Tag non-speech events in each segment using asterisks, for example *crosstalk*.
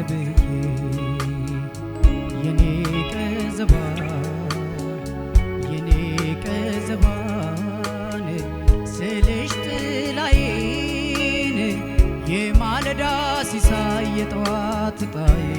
ዝብዬ የኔ ቀዘባር የማለዳ ሲሳይ የጠዋት ጣይ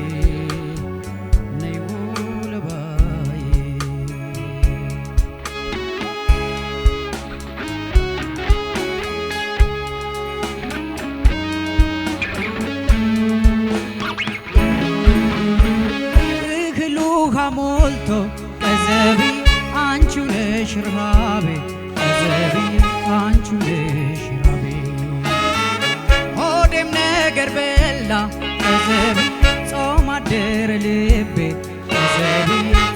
ሐዘን ጾም አደረ ልቤ ሐዘን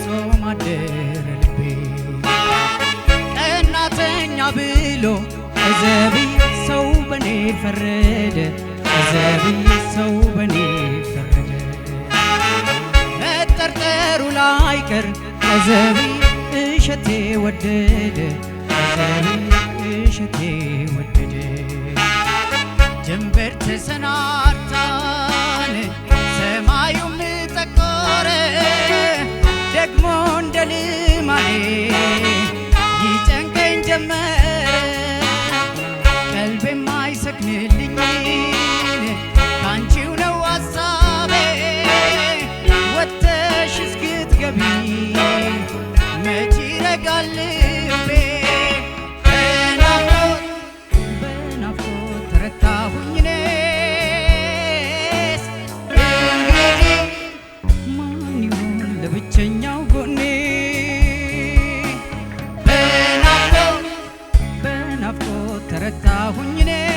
ጾም አደረ ልቤ ቀናተኛ ብሎ ሕዘብ ሰው በኔ ፈረደ ሕዘብ ሰው በኔ ፈረደ መጠርጠሩ ላይቀር ሕዘብ እሸቴ ወደደ ሕዘብ እሸቴ ወደደ ጀንበር ተሰና 나 혼이네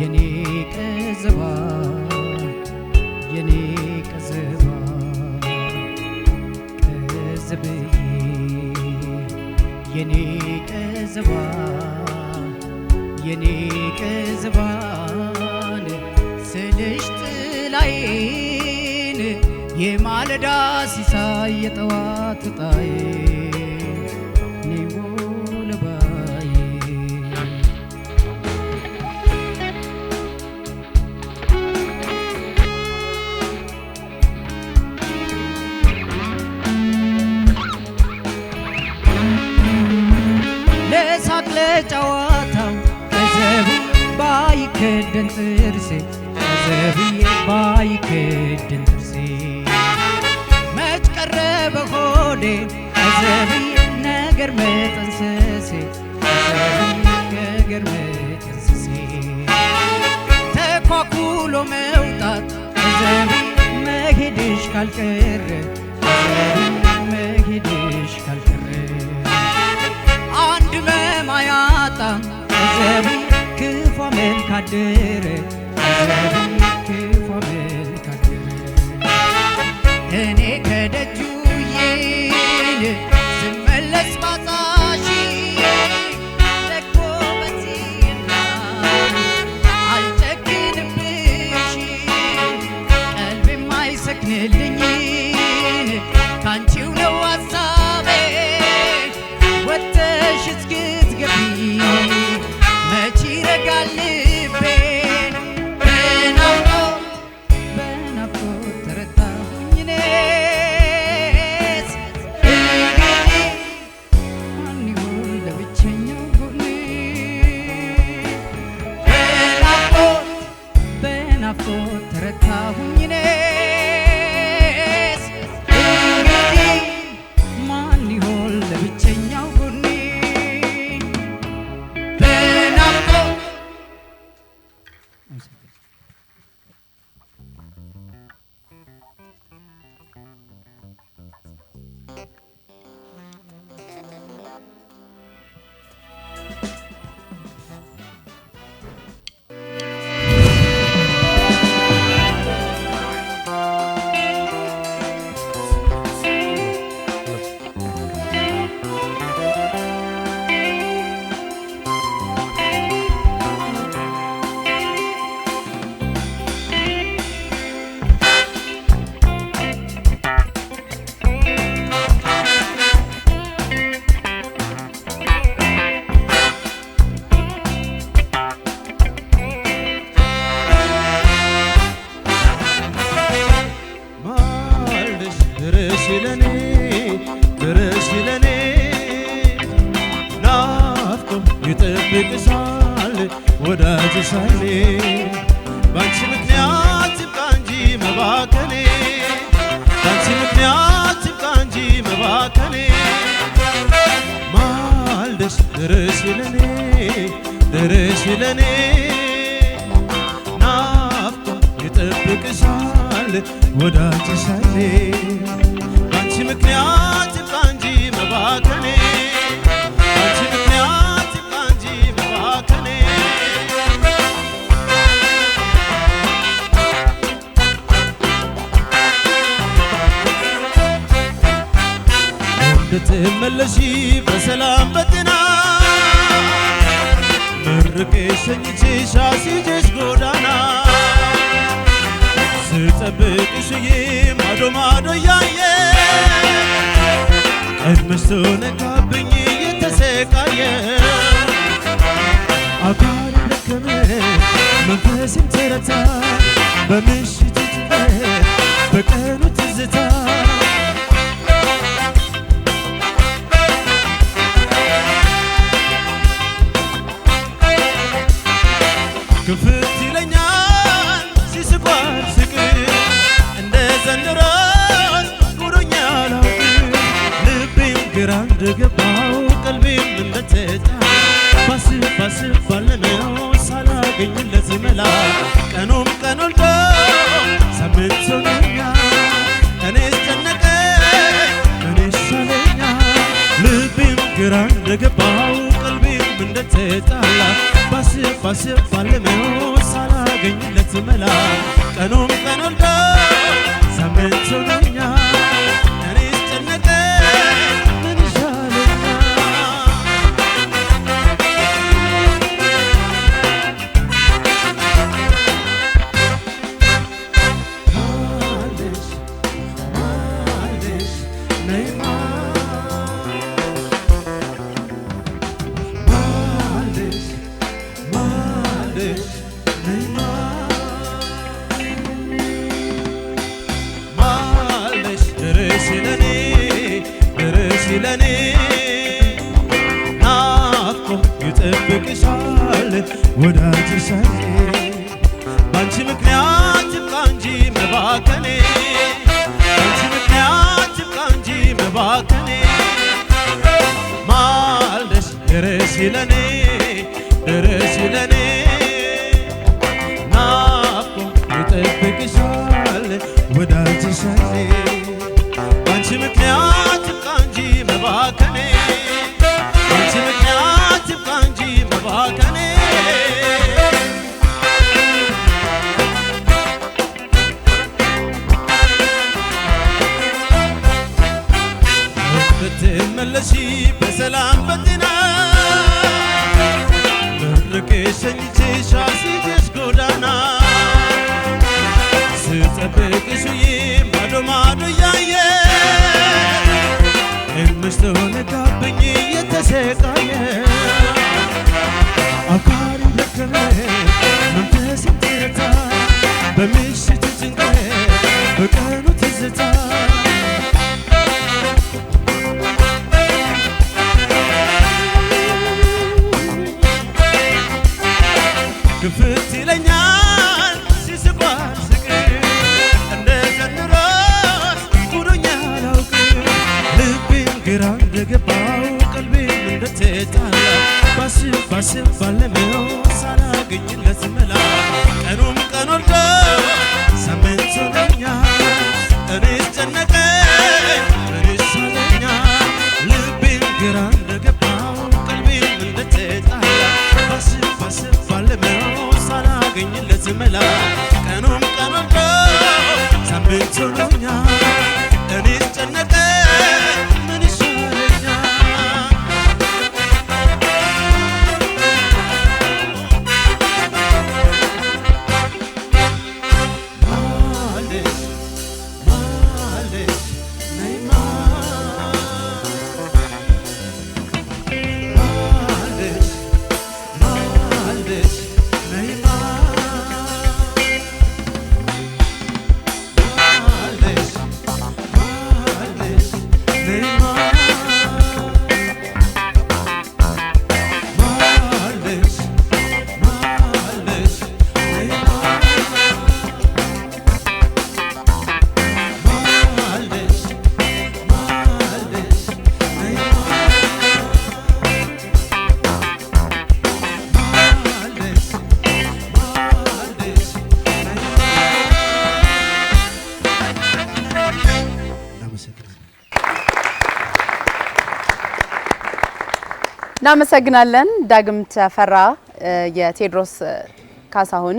የኔ ቀዘባ የኔ ቀዘባ ቀዘብዬ የማለዳ ሲሳይ የጠዋት ጣዬ ባይከደን ጥርሴ ዘብዬ ባይከደን ጥርሴ መች ቀረ በሆዴ ዘብዬ ነገር መጠንሰሴ ነገር መጠንሰሴ ተኳኩሎ መውጣት ዘብዬ መሄድሽ ካልቀረ መሄድሽ ካልቀረ አንድ መማያጣ ዘብዬ ክፉ አመል ካደረ ይጠብቅሻል ወዳጅ ሻይሌ ባንቺ ምክንያት ይብቃ እንጂ መባከኔ ባንቺ ምክንያት ይብቃ እንጂ መባከኔ ማልደሽ ደረሽ ለኔ ደረሽ ለኔ ናፍቆ ይጠብቅሻል ወዳጅ ሻይሌ ባንቺ ምክንያት ይብቃ እንጂ መባከኔ ስትመለሺ በሰላም በጤና መርቄ ሸኝቼሽ አስይዤሽ ጎዳና ስጠብቅሽዬ ማዶ ማዶ እያየ ቀድመሽ ተነካብኝ እየተሰቃየ አካል ደከመ መንፈስም ተረታ በምሽቱ ጭንቀት በቀኑ ትዝታ ክፍት ይለኛል ሲስባት ፍቅር እንደ ዘንድሮስ ኑሮኛል ልቤም ግራ እንደገባው ቀልቤም እንደተጣ ባስብ ባስብ ባለነው ሳላገኝለት መላ ቀኑም ሳስብ ባለመው ሳላገኝለት መላ ቀኑም ቀን ወልዳ ሳምንት ወዳጅ ሳይ ባንቺ ምክንያት ብቃ እንጂ መባከኔ ባንቺ ምክንያት ብቃ እንጂ መባከኔ ማለሽ ደረሽ ለኔ ብትመለሺ በሰላም በጤና መርቄ ሸኝቼሽ አስይዤሽ ጎዳና ስጠብቅሽ ውዬ ባዶ ማዶ እያየ እምሽ ተሆነጋብኝ እየተሰቃየ አካሪ ደከመ መንፈስ ተረታ በምሽቱ ጭንቀት በቀኑ ሳስብ ባለመው ሳላገኝለት መላ ቀኑም ቀን ወርዶ ሳምንት ሆነኛ እኔስ ጨነቀ እኔስ ሳለኛ ልቤን ግራ እንደገባው ቀልቤም እንደተጣላ ባስብ ባስብ ባለመው ሳላገኝለት መላ ቀኑም ቀን ወርዶ ሳምንት ሆነኛ እናመሰግናለን ዳግም ተፈራ የቴዎድሮስ ካሳሁን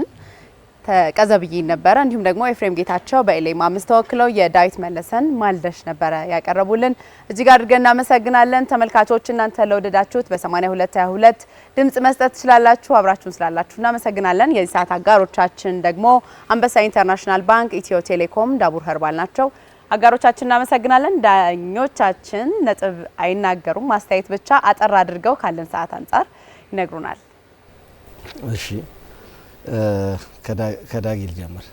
ቀዘብዬ ነበረ። እንዲሁም ደግሞ ኤፍሬም ጌታቸው በኢሌማ አምስት ተወክለው የዳዊት መለሰን ማልደሽ ነበረ ያቀረቡልን። እጅግ አድርገን እናመሰግናለን። ተመልካቾች እናንተ ለወደዳችሁት በ8222 ድምጽ መስጠት ትችላላችሁ። አብራችሁን ስላላችሁ እናመሰግናለን። የዚህ ሰዓት አጋሮቻችን ደግሞ አንበሳ ኢንተርናሽናል ባንክ፣ ኢትዮ ቴሌኮም፣ ዳቡር ኸርባል ናቸው። አጋሮቻችን እናመሰግናለን። ዳኞቻችን ነጥብ አይናገሩም፣ ማስተያየት ብቻ አጠር አድርገው ካለን ሰዓት አንጻር ይነግሩናል። እሺ ከዳጊ ልጀምር።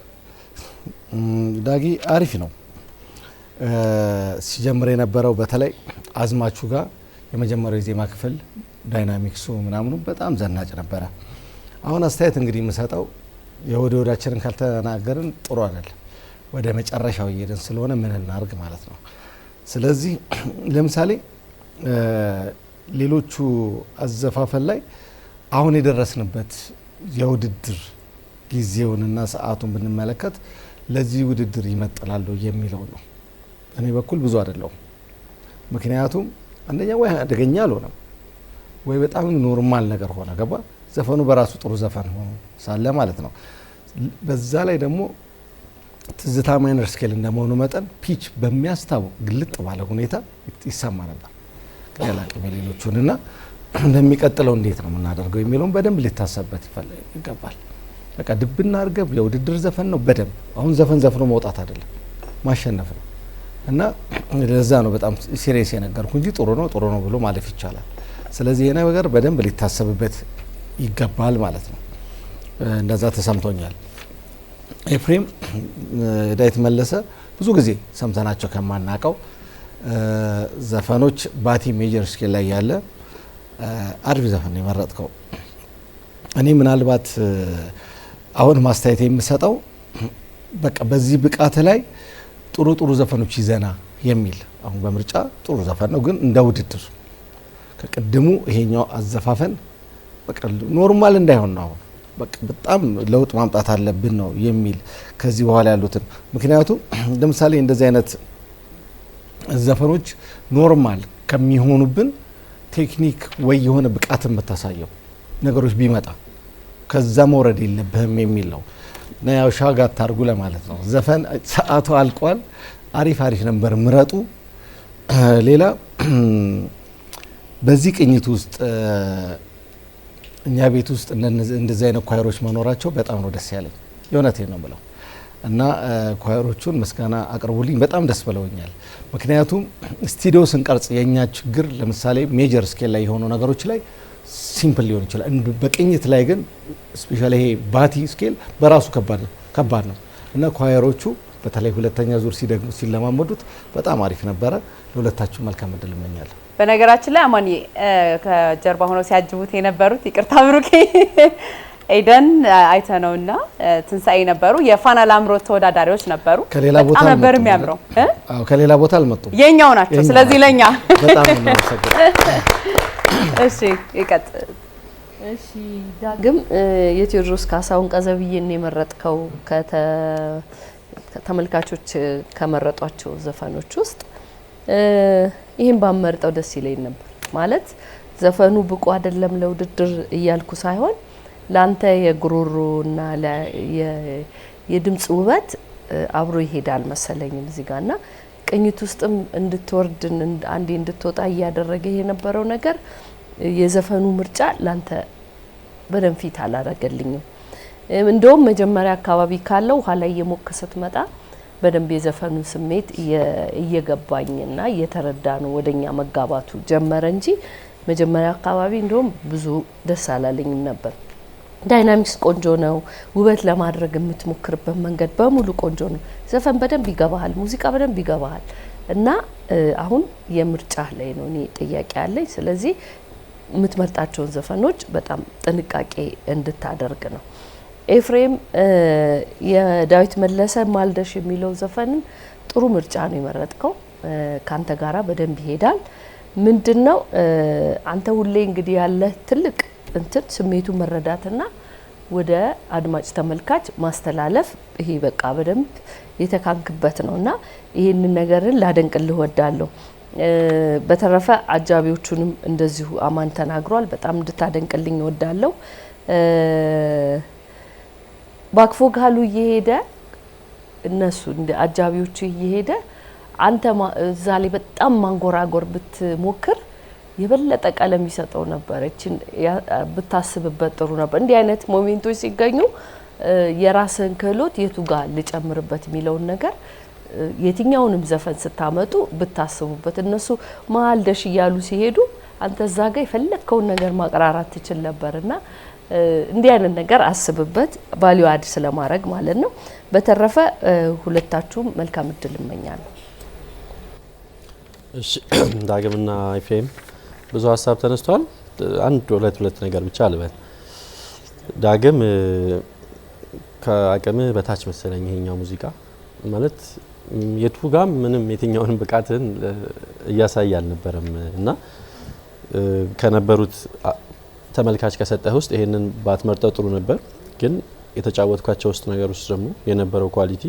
ዳጊ አሪፍ ነው ሲጀምር የነበረው በተለይ አዝማቹ ጋር የመጀመሪያው የዜማ ክፍል ዳይናሚክሱ ምናምኑ በጣም ዘናጭ ነበረ። አሁን አስተያየት እንግዲህ የምሰጠው የወደ ወዳችንን ካልተናገርን ጥሩ አይደለም። ወደ መጨረሻው እየሄድን ስለሆነ ምን እናርግ ማለት ነው። ስለዚህ *clears throat* ለምሳሌ ሌሎቹ አዘፋፈን ላይ አሁን የደረስንበት የውድድር ጊዜውንና ሰዓቱን ብንመለከት ለዚህ ውድድር ይመጥላሉ የሚለው ነው። እኔ በኩል ብዙ አይደለሁም ምክንያቱም አንደኛ ወይ አደገኛ አልሆነም፣ ወይ በጣም ኖርማል ነገር ሆነ ገባ። ዘፈኑ በራሱ ጥሩ ዘፈን ሆኖ ሳለ ማለት ነው። በዛ ላይ ደግሞ ትዝታ ማይነር ስኬል እንደመሆኑ መጠን ፒች በሚያስታውቅ ግልጥ ባለ ሁኔታ ይሰማ ነበር። ግን በሌሎቹን ና እንደሚቀጥለው እንዴት ነው የምናደርገው የሚለውን በደንብ ሊታሰብበት ይገባል። በቃ ድብና እርገብ የውድድር ዘፈን ነው። በደንብ አሁን ዘፈን ዘፍኖ መውጣት አይደለም ማሸነፍ ነው እና ለዛ ነው በጣም ሲሪየስ የነገርኩ እንጂ ጥሩ ነው ጥሩ ነው ብሎ ማለፍ ይቻላል። ስለዚህ ይሄ ነገር በደንብ ሊታሰብበት ይገባል ማለት ነው። እንደዛ ተሰምቶኛል። ኤፍሬም *clears throat* ዳዊት መለሰ ብዙ ጊዜ ሰምተናቸው ከማናቀው ዘፈኖች ባቲ ሜጀር ስኬል ላይ ያለ አሪፍ ዘፈን የመረጥከው። እኔ ምናልባት አሁን ማስተያየት የምሰጠው *clears throat* በቃ በዚህ ብቃት ላይ ጥሩ ጥሩ ዘፈኖች ይዘና የሚል አሁን በምርጫ ጥሩ ዘፈን ነው፣ ግን እንደ ውድድር ከቅድሙ ይሄኛው አዘፋፈን በቃ ኖርማል እንዳይሆን ነው አሁን በጣም ለውጥ ማምጣት አለብን ነው የሚል ከዚህ በኋላ ያሉትን ምክንያቱም *clears throat* ለምሳሌ እንደዚህ አይነት ዘፈኖች ኖርማል ከሚሆኑብን ቴክኒክ ወይ የሆነ ብቃትን ብታሳየው ነገሮች ቢመጣ ከዛ መውረድ የለብህም የሚል ነው። እና ያው ሻጋ አታርጉ ለማለት ነው። ዘፈን ሰዓቱ አልቋል። አሪፍ አሪፍ ነበር ምረጡ። *clears throat* ሌላ *clears throat* በዚህ ቅኝት ውስጥ እኛ ቤት ውስጥ እንደዚህ አይነት ኳየሮች መኖራቸው በጣም ነው ደስ ያለኝ። የእውነት ነው ብለው እና ኳየሮቹን ምስጋና አቅርቡልኝ። በጣም ደስ ብለውኛል። ምክንያቱም ስቱዲዮ ስንቀርጽ የእኛ ችግር ለምሳሌ ሜጀር ስኬል ላይ የሆኑ ነገሮች ላይ ሲምፕል ሊሆን ይችላል። በቅኝት ላይ ግን ስፔሻሊ ይሄ ባቲ ስኬል በራሱ ከባድ ነው እና ኳየሮቹ በተለይ ሁለተኛ ዙር ሲደግሙ ሲለማመዱት በጣም አሪፍ ነበረ። ለሁለታችሁ መልካም እድል እመኛለሁ። በነገራችን ላይ አማን ከጀርባ ሆነው ሲያጅቡት የነበሩት ይቅርታ ብሩኬ ኤደን አይተ ነውና ትንሳኤ ነበሩ። የፋና ላምሮት ተወዳዳሪዎች ነበሩ። ከሌላ ቦታ ነበር የሚያምረው። አዎ ከሌላ ቦታ አልመጡም፣ የኛው ናቸው። ስለዚህ ለኛ *laughs* እሺ፣ ይቀጥ እሺ፣ ዳግም የቴዎድሮስ ካሳሁን ቀዘብዬን የመረጥከው ከተ ተመልካቾች ከመረጧቸው ዘፈኖች ውስጥ ይህን ባመርጠው ደስ ይለኝ ነበር ማለት ዘፈኑ ብቁ አይደለም ለውድድር እያልኩ ሳይሆን ለአንተ የጉሮሮና የድምፅ ውበት አብሮ ይሄዳል መሰለኝም እዚህ ጋር ና ቅኝት ውስጥም እንድትወርድ አንዴ እንድትወጣ እያደረገ የነበረው ነገር የዘፈኑ ምርጫ ላንተ በደንብ ፊት አላረገልኝም። እንደውም መጀመሪያ አካባቢ ካለው ኋላ እየሞከሰት መጣ በደንብ የዘፈኑ ስሜት እየገባኝና እየተረዳ ነው ወደኛ መጋባቱ ጀመረ እንጂ መጀመሪያ አካባቢ እንደውም ብዙ ደስ አላለኝም ነበር። ዳይናሚክስ ቆንጆ ነው። ውበት ለማድረግ የምትሞክርበት መንገድ በሙሉ ቆንጆ ነው። ዘፈን በደንብ ይገባሃል፣ ሙዚቃ በደንብ ይገባሃል። እና አሁን የምርጫ ላይ ነው እኔ ጥያቄ አለኝ። ስለዚህ የምትመርጣቸውን ዘፈኖች በጣም ጥንቃቄ እንድታደርግ ነው። ኤፍሬም የዳዊት መለሰ ማልደሽ የሚለው ዘፈንን ጥሩ ምርጫ ነው የመረጥከው። ከአንተ ጋራ በደንብ ይሄዳል። ምንድን ነው አንተ ሁሌ እንግዲህ ያለህ ትልቅ እንትን ስሜቱን መረዳትና ወደ አድማጭ ተመልካች ማስተላለፍ ይሄ በቃ በደንብ የተካንክበት ነው እና ይህንን ነገርን ላደንቅልህ ወዳለሁ በተረፈ አጃቢዎቹንም እንደዚሁ አማን ተናግሯል። በጣም እንድታደንቅልኝ ወዳለሁ። ጋሉ እየሄደ እነሱ እንደ አጃቢዎቹ እየሄደ አንተ እዛ ላይ በጣም ማንጎራጎር ብትሞክር የበለጠ ቀለም ይሰጠው ነበር። እችን ብታስብበት ጥሩ ነበር። እንዲህ አይነት ሞሜንቶች ሲገኙ የራስን ክህሎት የቱ ጋር ልጨምርበት የሚለውን ነገር የትኛውንም ዘፈን ስታመጡ ብታስቡበት። እነሱ መሀል ደሽ እያሉ ሲሄዱ አንተ እዛ ጋር የፈለግከውን ነገር ማቅራራት ትችል ነበርና እንዲህ አይነት ነገር አስብበት፣ ቫሊዩ አድ ስለማድረግ ማለት ነው። በተረፈ ሁለታችሁም መልካም እድል እመኛለሁ። *clears throat* ዳግምና ኤፍሬም ብዙ ሀሳብ ተነስቷል። አንድ ሁለት ሁለት ነገር ብቻ አልበል። ዳግም ከአቅም በታች መሰለኝ ይሄኛው ሙዚቃ ማለት የቱ ጋም ምንም የትኛውን ብቃትን እያሳይ አልነበረም እና ከነበሩት ተመልካች ከሰጠህ ውስጥ ይሄንን ባትመርጠው ጥሩ ነበር። ግን የተጫወትኳቸው ውስጥ ነገር ውስጥ ደግሞ የነበረው ኳሊቲ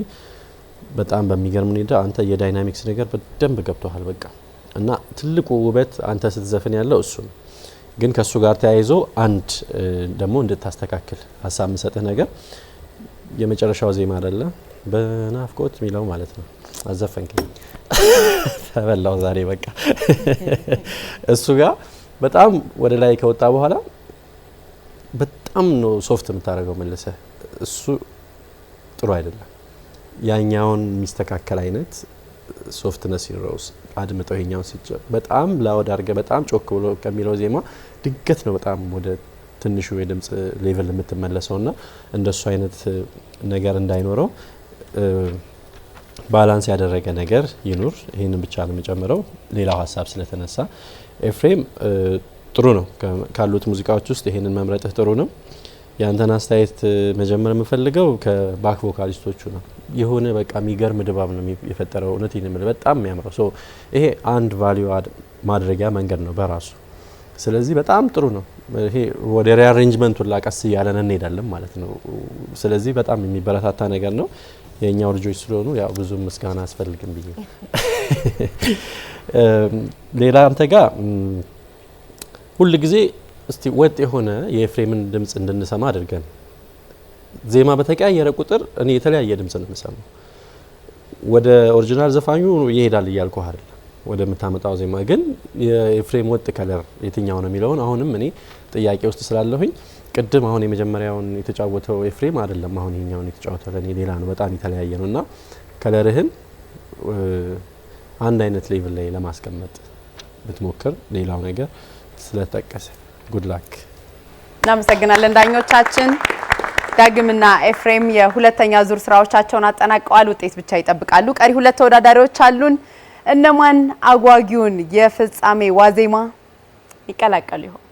በጣም በሚገርም ሁኔታ አንተ የዳይናሚክስ ነገር በደንብ ገብቶሃል። በቃ እና ትልቁ ውበት አንተ ስትዘፍን ያለው እሱ ነው። ግን ከእሱ ጋር ተያይዞ አንድ ደግሞ እንድታስተካክል ሀሳብ ምሰጥህ ነገር የመጨረሻው ዜማ አደለ በናፍቆት የሚለው ማለት ነው። አዘፈንክ ተበላው ዛሬ በቃ እሱ ጋር በጣም ወደ ላይ ከወጣ በኋላ በጣም ነው ሶፍት የምታደርገው መልሰ። እሱ ጥሩ አይደለም። ያኛውን የሚስተካከል አይነት ሶፍትነስ ሲኖረውስ አድምጠው ይሄኛውን ሲጭ በጣም ላውድ አድርገ በጣም ጮክ ብሎ ከሚለው ዜማ ድገት ነው በጣም ወደ ትንሹ የድምፅ ሌቨል የምትመለሰው ና እንደሱ አይነት ነገር እንዳይኖረው ባላንስ ያደረገ ነገር ይኑር። ይህንን ብቻ ነው የምጨምረው ሌላው ሀሳብ ስለተነሳ ኤፍሬም ጥሩ ነው ካሉት ሙዚቃዎች ውስጥ ይሄንን መምረጥህ ጥሩ ነው። ያንተን አስተያየት መጀመር የምፈልገው ከባክ ቮካሊስቶቹ ነው። የሆነ በቃ የሚገርም ድባብ ነው የፈጠረው። እውነት ይንምል በጣም የሚያምረው ሶ ይሄ አንድ ቫሊዩ ማድረጊያ መንገድ ነው በራሱ። ስለዚህ በጣም ጥሩ ነው። ይሄ ወደ ሪአሬንጅመንቱ ላቀስ እያለን እንሄዳለን ማለት ነው። ስለዚህ በጣም የሚበረታታ ነገር ነው። የእኛው ልጆች ስለሆኑ ያው ብዙም ምስጋና አስፈልግም ብዬ ሌላ አንተ ጋር ሁል ጊዜ እስቲ ወጥ የሆነ የኤፍሬምን ድምፅ እንድንሰማ አድርገን ዜማ በተቀያየረ ቁጥር እኔ የተለያየ ድምፅ ነው የምሰማው። ወደ ኦሪጂናል ዘፋኙ ይሄዳል እያልኩ አይደል፣ ወደ ዜማ ግን የኤፍሬም ወጥ ከለር የትኛው ነው የሚለውን አሁንም እኔ ጥያቄ ውስጥ ስላለሁኝ ቅድም አሁን የመጀመሪያውን የተጫወተው ኤፍሬም አይደለም። አሁን ይሄኛውን የተጫወተው ለእኔ ሌላ ነው፣ በጣም የተለያየ ነው እና ከለርህን አንድ አይነት ሌቭል ላይ ለማስቀመጥ ብትሞክር ሌላው ነገር ስለጠቀሰ ጉድላክ እናመሰግናለን ዳኞቻችን ዳግምና ኤፍሬም የሁለተኛ ዙር ስራዎቻቸውን አጠናቀዋል። ውጤት ብቻ ይጠብቃሉ። ቀሪ ሁለት ተወዳዳሪዎች አሉን። እነማን አጓጊውን የፍጻሜ ዋዜማ ይቀላቀሉ ይሆን?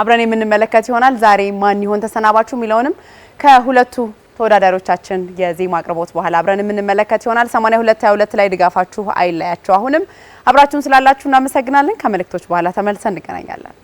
አብረን የምንመለከት ይሆናል። ዛሬ ማን ይሆን ተሰናባችሁ የሚለውንም ከሁለቱ ተወዳዳሪዎቻችን የዜማ አቅርቦት በኋላ አብረን የምንመለከት ይሆናል። 8222 ላይ ድጋፋችሁ አይለያችሁ። አሁንም አብራችሁን ስላላችሁ እናመሰግናለን። ከመልእክቶች በኋላ ተመልሰን እንገናኛለን።